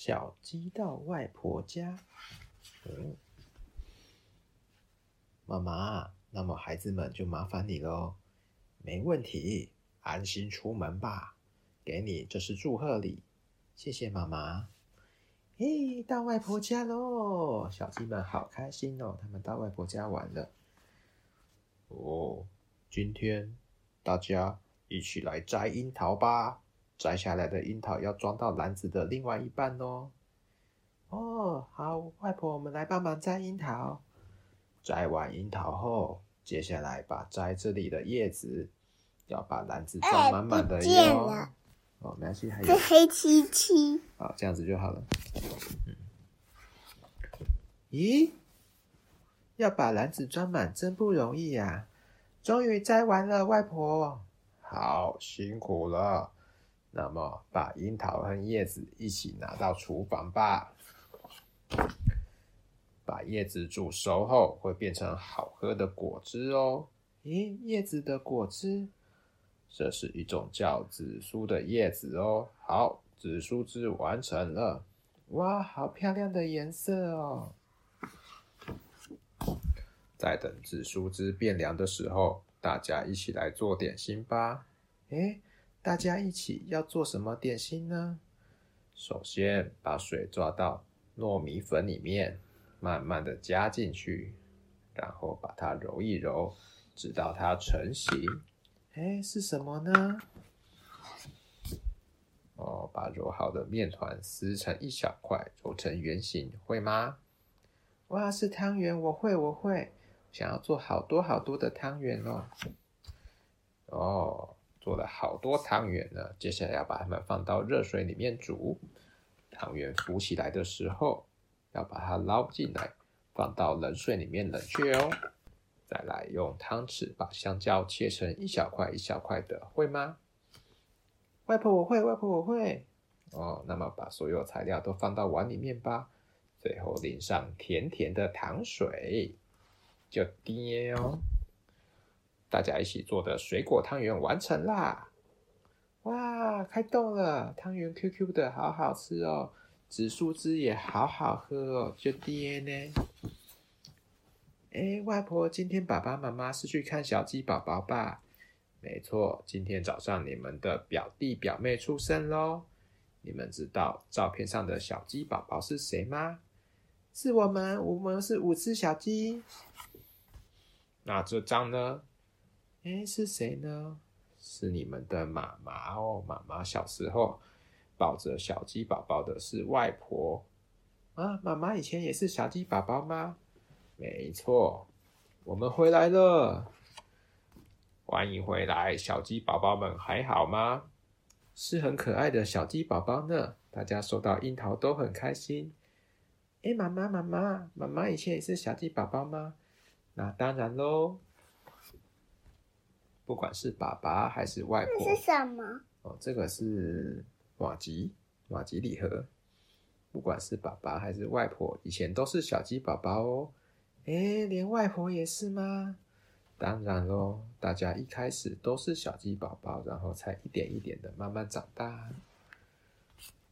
小雞到外婆家。嗯，媽媽，那麼孩子們就麻煩你嘍，沒問題，安心出門吧。給你，這是祝賀禮，謝謝媽媽。嘿，到外婆家嘍，小雞們好開心哦，他們到外婆家玩了。哦，今天大家一起來摘櫻桃吧。摘下來的櫻桃要裝到籃子的另外一半哦。哦，好，外婆，我們來幫忙摘櫻桃。摘完櫻桃後，接下來把摘這裡的葉子，要把籃子裝滿滿的喲。欸、哦，那邊還有黑漆漆。好，這樣子就好了。嗯。咦，要把籃子裝滿真不容易呀，啊！終於摘完了，外婆。好，辛苦了。那麼，把櫻桃和葉子一起拿到廚房吧。把葉子煮熟後，會變成好喝的果汁哦。咦、欸，葉子的果汁？這是一種叫紫蘇的葉子哦。好，紫蘇汁完成了。哇，好漂亮的顏色哦！在等紫蘇汁變涼的時候，大家一起來做點心吧。欸大家一起要做什麼點心呢？首先把水抓到糯米粉裡面，慢慢的加進去，然後把它揉一揉，直到它成型。誒，是什麼呢？哦，把揉好的麵團撕成一小塊，揉成圓形，會嗎？哇，是湯圓！我會，我會。想要做好多好多的湯圓哦。哦。做了好多湯圓呢，接下來要把它們放到熱水裡面煮。湯圓浮起來的時候，要把它撈進來，放到冷水裡面冷卻哦。再來用湯匙把香蕉切成一小塊一小塊的，會嗎？外婆我會，外婆我會。哦，那麼把所有材料都放到碗裡面吧，最後淋上甜甜的糖水，就甜哦。大家一起做的水果湯圓完成啦！哇，開動了！湯圓 Q Q 的，好好吃哦。紫蘇汁也好好喝哦，就 DNA。哎、欸，外婆，今天爸爸媽媽是去看小雞寶寶吧？沒錯，今天早上你們的表弟表妹出生嘍。你們知道照片上的小雞寶寶是誰嗎？是我們，我們是五隻小雞。那這張呢？哎，是誰呢？是你們的媽媽哦。媽媽小時候抱着小雞寶寶的是外婆啊。媽媽以前也是小雞寶寶嗎？沒錯，我們回來了。歡迎回來，小雞寶寶們還好嗎？是很可愛的小雞寶寶呢。大家收到櫻桃都很開心。哎，媽媽，媽媽，媽媽以前也是小雞寶寶嗎？那當然嘍。不管是爸爸還是外婆，這是什麼？哦，這個是瓦吉瓦吉禮盒。不管是爸爸還是外婆，以前都是小雞寶寶哦。誒、欸、連外婆也是嗎？當然嘍，大家一開始都是小雞寶寶，然後才一點一點的慢慢長大。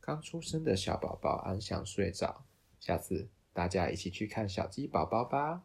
剛出生的小寶寶安詳睡着，下次大家一起去看小雞寶寶吧。